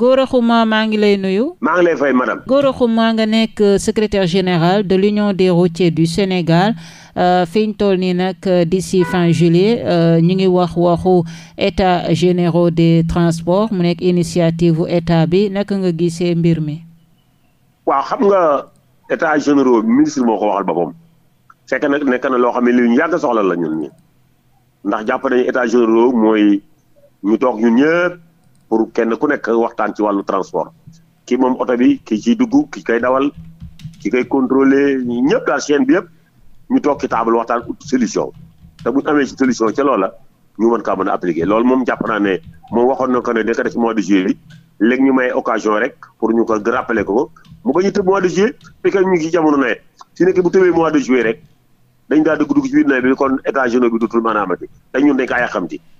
Gora Khouma maa ngi lay nuyu. maa ngi lay fay madame. Gora Khouma nga nekk euh, secretaire général de l'union de routiers du Sénégal euh, fi ñu toll nii nag di euh, d'ici fin juillet ñu ngi wax waxu état généraux des transport mu nekk initiative bu état bi naka nga gisee mbir mi. waaw xam nga état généraux ministre moo ko waxal boppam fekk nag nekk na loo xam ne li yàgg soxla la ñun ndax jàpp état généraux mooy ñu toog ñun ñëpp. pour kenn ku nekk waxtaan ci wàllu transport ki moom oto bi ki ciy dugg ki koy dawal ki koy contrôler ñëpp daal chaîne bi yëpp ñu toog ci table waxtaan ut solution te bu amee ci solution ca loola ñu mën kaa a appliquer loolu moom jàpp naa moom waxoon na ko ne dina ko mois de juillet bi léegi may occasion rek pour ñu ko rappeler ko mu bañ a tëb mois de juillet fekk ñu ngi ci jamono nawet si nekk bu tëbee mois de juillet rek dañ daal dugg dugg ci biir nawet bi kon état généraux bi dootul maanaam amati te ñun dañ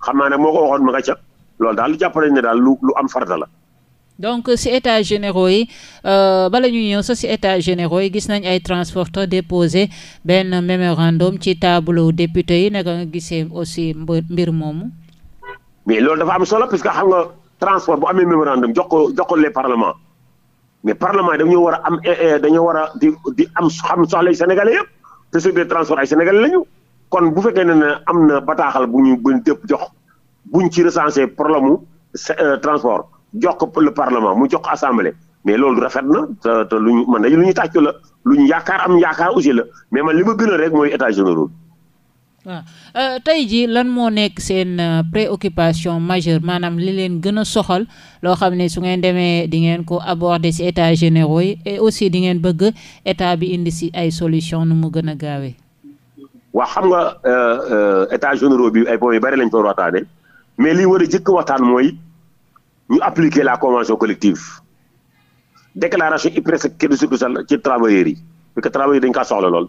xam naa ne moo ko waxoon ma nga ca loolu daal lu jàpp nañ ne daal lu lu am farata la. donc si état généraux yi euh, bala ñuy ñëw sax si état généraux yi gis nañ ay transporteurs déposé benn mémorandum ci tableau député yi naka nga gisee aussi mbir moomu. mais loolu dafa am solo parce que xam nga transport bu amee mémorandum jox ko jox ko les parlements mais parlement yi dañoo war a am eh, eh, dañoo war a di di am xam soxla yu sénégalais yëpp te sur des transports ay sénégalais lañu kon bu fekkee ne am na bataaxal bu ñu buñ dëpp jox. buñ ci recensé problème mu euh, transport jox ko le parlement mu jox ko mais loolu rafet na te te luñu man dañu lu ñu tàccu la lu ñu yaakaar am yaakaar aussi la mais man li ma gënal rek mooy euh, tey jii lan moo nekk seen euh, préoccupation majeure maanaam li leen gën a soxal loo xam ne su ngeen demee di ngeen ko aborder ci état généraux yi aussi di ngeen bëgg état bi indi ci ay solution nu mu gën a gaawee. waaw xam nga état généraux bi ay points yu bari lañ ko waxtaanee mais li war a jëkk waxtaan mooy ñu appliquer la convention collective déclaration i kenn surtout sax ci travailleurs yi parce que travailleurs yi dañ kaa soxla lool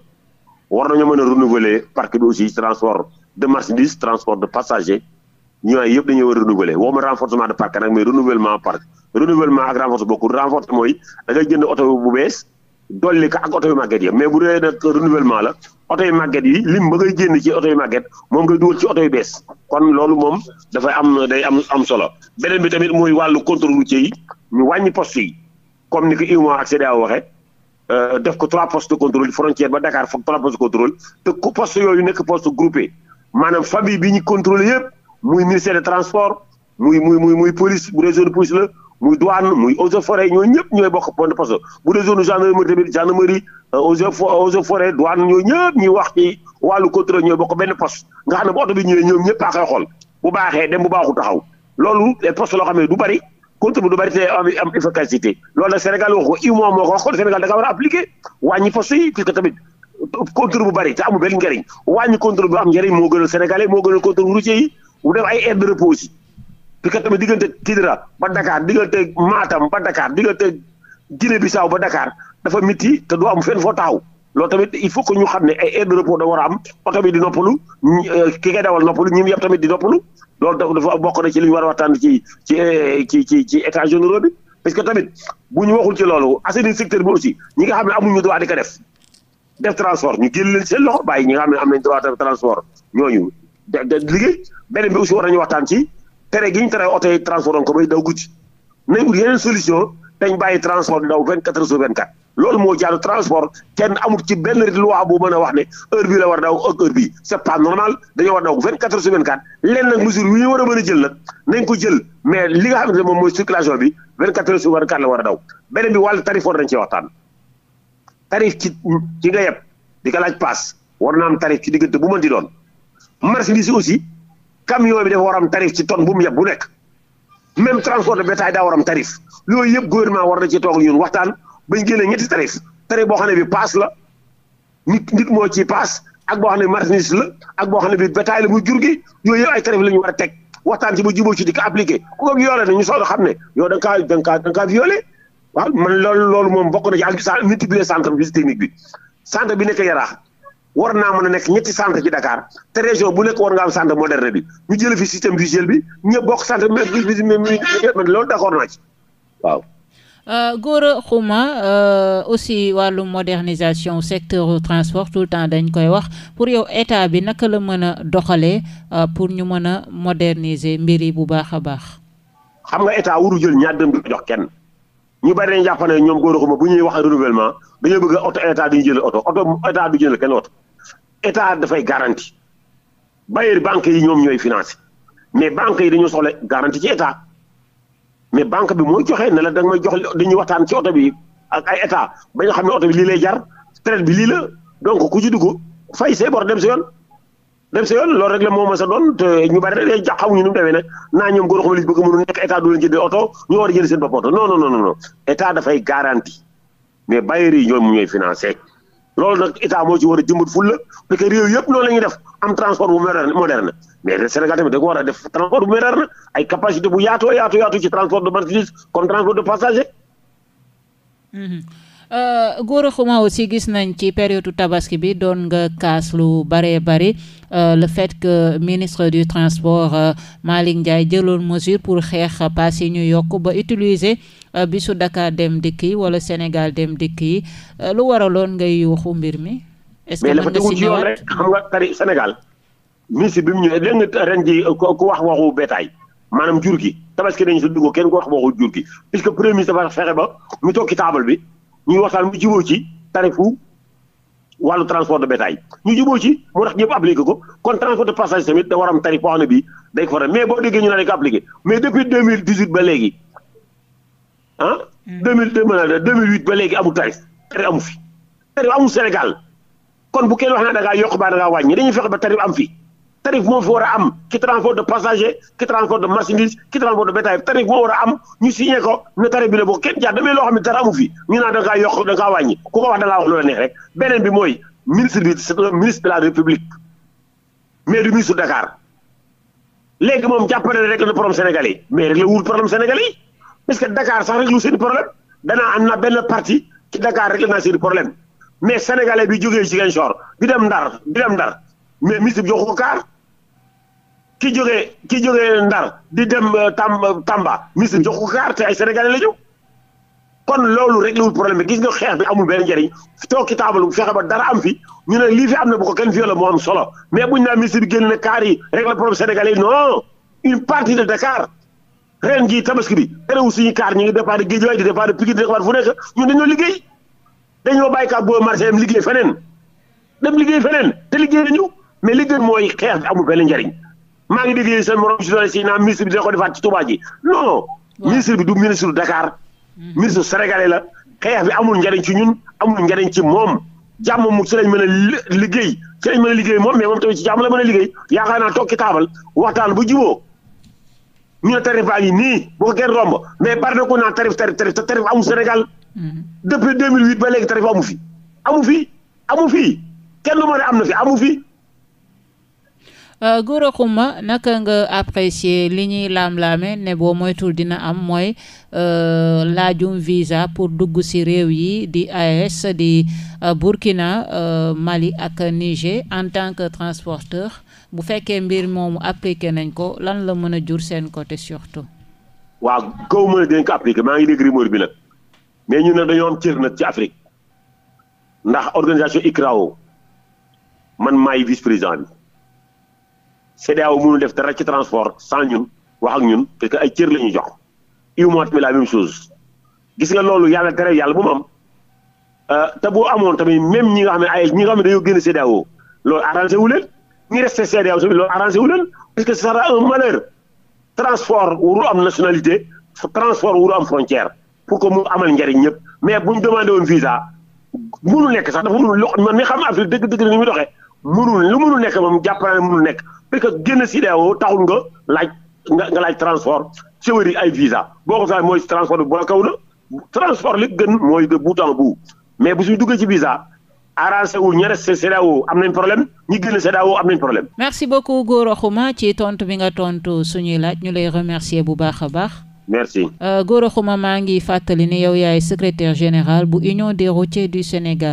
war nañoo mën a renouveler parc bi aussi transport de marchandises transport de passagers ñooy yëpp dañoo war a renouveler waxuma renforcement de parc nag mais renouvellement parc renouvellement ak renforce bokkul renforce mooy da jënd oto bu bees dolli ko ak oto yu màgget yi mais bu dee nag renouvellement la oto yu màgget yi lim ba ngay génn ci oto yu màgget moom ngay dugal ci oto yu bees kon loolu moom dafay am day am am solo beneen bi tamit mooy wàllu contrôle routier yi ñu wàññi post yi comme ni ko UEMOA ak CEDEAO waxee euh, def ko trois postes de contrôle frontière ba Dakar foog trois postes de contrôle te poste yooyu nekk poste groupé maanaam famille bi ñu contrôlé yëpp muy ministère des transports muy muy muy muy police bu région de police la. muy douane muy eaux et forêt ñooñu ñëpp ñooy bokk point de poste bu dee zone gendarmerie tamit gendarmerie euh, eaux et forêt douane ñëpp ñuy wax ci wàllu ñooy bokk benn poste nga xam ne bu oto bi ñëwee ñoom ñëpp a koy xool bu baaxee dem bu baaxu taxaw loolu les postes loo xam ne du bari contrôle bi du bari te am am a bu bari te benn njëriñ wàññi contrôle bu am njëriñ moo gënal sénégalais moo gënal contrôle routier yi bu def ay aire de repos yi bi kat tamit diggante Kidira ba hmm. Dakar diggante Matam ba Dakar diggante Guinée Bissau ba Dakar dafa miti te doo am fenn foo taxaw loolu tamit il faut que ñu xam ne ay aire de a am oto bi di noppalu euh, ki koy dawal di noppalu loolu dafa bokk na ci li a waxtaan ci ci euh, ci ci que tamit bu ñu waxul ci loolu assainir secteur bi aussi ñi nga xam ne amuñu droit di ko def def transport ñu génn leen seen loxo bàyyi ñi nga xam ne am nañ droit def transport ñooñu de de liggéey beneen bi aussi war nañu waxtaan ci. tere gi ñu tere oto transport daw guddi nañ ut yeneen solution dañ bàyyi transport ndaw 24 heures moo jaadu transport kenn amul ci benn loi bu mën a wax ne heure bii la war daw ak heure bii c'est pas normal dañoo war daw 24 heures sur 24 lenn nag mesure yu war a mën a jël nag nañ ko jël mais li nga xamante ne moom mooy circulation bi 24 heures sur 24 la war a daw beneen bi wàllu tarif war nañ cee waxtaan tarif ci ci nga yeb di ka laaj paas war na am tarif ci diggante bu mën di camion bi dafa war am tarif ci tonne bu mu yeb bu nekk même transport de bétail daa war tarif yooyu yëpp gouvernement war na ci toog ñun waxtaan bañ génne ñetti tarif tarif boo xam ne bi paas la nit moo ci paas ak boo xam ne la boo xam ne bi bétail la muy jur gi yooyu yëpp ay tarif la ñu war a teg waxtaan ci ba jubóo ci di ko ku ko violé ne ñu soog a xam ne yow da nga kaa da nga kaa da nga kaa violé waaw man loolu loolu moom bokk na ci ak multiplier centre visite technique bi centre bi nekk Yaraax war naa mën a nekk ñetti centre ci Dakar te région bu nekk war nga am centre moderne bi ñu jëlee fi système du gel bi ñëpp bokk centre bi loolu d'accord naa ci waaw. Euh, Gora Khouma euh, aussi wàllu modernisation secteur transport tout le temps dañ koy wax pour yow état bi naka la mën a doxalee euh, pour ñu mën a moderniser mbir yi bu baax a baax. xam nga état waru jël ñaar dërëm di jox kenn ñu bari dañu jàpp ne ñoom Gora Khouma bu ñuy wax renouvellement dañoo bëgg oto état du ñu jël oto oto état du jël kenn oto. état dafay garanti bailleurs banque yi ñoom ñooy financé mais banques yi dañoo soxla garanti ci état mais banque bi mooy joxe ne la da may jox dañuy waxtaan ci oto bi ak ay état xam ne oto bi lii lay jar traite lii la donc ku ci dugg fay say bor dem sa yoon dem sa yoon loolu rek la moo sa doon te ñu bari rek day ñu nu mu demee nag naa ñoom góor xam li bëgg mënu nekk état du leen jëndee oto ñu war a jënd seen bopp oto non non non non état dafay garanti mais bailleurs yi ñoom ñooy financé. loolu nag état moo ci war a jëmbat fulla parce que réew yëpp loolu la ñuy def am transport bu moderne moderne mais Sénégal tamit da ko war a def transport bu moderne ay capacité bu yaatoo yaatoo yaatoo ci transport de marchandise comme transport de passager. Mm-hmm. Euh, Gora Khouma aussi gis nañ ci période tabaski bi doon nga kaas lu baree bari euh, le fait que ministre du transport euh, Malick Ndiaye jëloon mesure pour xeex pass yi ñu yokk ba utiliser bisu Dakar dem dikk yi wala Sénégal dem dikk yi lu waraloon ngay waxu mbir mi. est-ce que mën nga si ñëwaat rek xam nga tari Sénégal ministre bi mu ñëwee dégg nga ji ku wax waxu bétail maanaam jur gi tabaski dañu si dugg kenn ku wax waxu jur gi puisque premier ministre dafa fexe ba ñu toog ci ñu waxtaan mu jubóo ci tarifu wàllu transport de bétail ñu jubóo ci moo tax ñëpp appliqué ko kon transport de passage tamit da war am tarif boo xam ne bii day ko fa mais boo déggee ñu naan dañ ko appliqué mais depuis deux mille dix huit ba léegi ah. Mm. deux mille deux mille huit ba léegi amul tarif tarif amu fi tarif amul Sénégal kon bu kenn wax ne da ngaa yokk ba da ngaa wàññi dañuy fexe ba tarif am fi. tarif moo fi war a am ci transport de passager ci transport de marchandise ci transport de bétail tarif moo war a am ñu signé ko ne tarif bi la boo kenn jaar damay loo xam yokk da ngaa ku ko wax da ngaa wax loola neex rek beneen bi mooy ministre bi c'est le ministre de la république mais du ministre Dakar léegi moom jàppale rek le problème sénégalais yi mais rek la wul problème sénégalais yi parce que Dakar sax rek lu seen problème danaa am na benn parti ci Dakar rek la naa mais sénégalais bi jógee Ziguinchor di dem Ndar di dem Ndar. mais musique jox ko kaar ki jógee ki jógee Ndar di dem euh, Tam euh, Tamba musique jox ko kaar te ay sénégalais la kon loolu réglé wul problème bi gis nga xeex bi amul benn njëriñ toog ci taabalu bu fexe ba dara am fi ñu ne lii fi am na bu ko kenn violé moo am solo mais buñ naa musique bi génn na kaar yi réglé problème sénégalais non une partie de Dakar ren jii tabaski bi terewul suñu kaar ñu ngi départ de Guédiawaye di départ de Pikine di départ fu nekk ñun dañoo liggéey dañoo bàyyi kaar boo marché dem liggéey feneen dem liggéey feneen te liggéey nañu. mais li gën mooy xeex bi amul benn njariñ maa ngi dégg seen morom journaliste yi naan ministre bi dina ko defaat ci Touba ji non ministre bi du ministre du Dakar hmm. ministre sénégalais la xeex bi amul njariñ ci ñun amul njariñ ci moom jàmm mu ci lañ mën liggéey ci lañ mën liggéey moom mais moom tamit ci jàmm la mën a liggéey yaakaar naa toog ci taabal waxtaan bu jiboo ñu ne tarif baa ngi nii boo ko kenn romb mais bari na ko naan tarif tarif tarif te tarif amul Sénégal hmm. depuis ba léegi tarif amu fi amu fi amu fi kenn du ma ne am na fi amu fi Euh, Gora Khouma naka nga apprécier li ñuy laam-laame ne boo moytul dina am mooy euh, laajum visa pour dugg ci réew yi di AES di euh, Burkina Mali ak Niger en tant que transporteur bu fekkee mbir moomu appliqué nañ ko lan la mën a jur seen côté surtout. waaw kaw mën a dinañ ko appliqué maa ngi dégg rumeur bi nag mais ñu ne dañoo am ci Afrique ndax organisation ICRAO man maay vice président bi. CEDEAO mënul def dara ci transport sans ñun wax ak ñun parce que ay cër la ñuy jox UEMOA tamit la même chose gis nga loolu yàlla tere yàlla bu mu am euh, te boo amoon tamit même ñi nga xam ne ay ñi nga xam ne dañoo génn CEDEAO loolu arrangé wu leen ñi resté CEDEAO tamit loolu arrangé wu leen parce que ce sera un malheur transport warul am nationalité transport warul am frontière pour que mu amal njariñ ñëpp mais bu ñu demandé woon visa mënul nekk sax dafa mënul loo man mi xam Afrique dëgg-dëgg ni muy doxee mënul lu mënul nekk moom jàpp naa ne mënul et que génn CEDEAO taxul nga laaj nga nga laaj transport cheveri ay visa boo ko saay mooy transport bi boo kaw la transport li gën mooy de bout en mais bu suñu duggee ci visa arrangé wu ñeneen CEDEAO am nañ problème ñi gën a CEDEAO am nañ problème. merci beaucoup Gora Khouma ci tontu bi nga tontu suñuy laaj ñu lay remercier bu baax a baax. merci. Euh, Gora Khouma maa ngi fàttali ne yow yaay secrétaire général bu Union des routiers du Sénégal.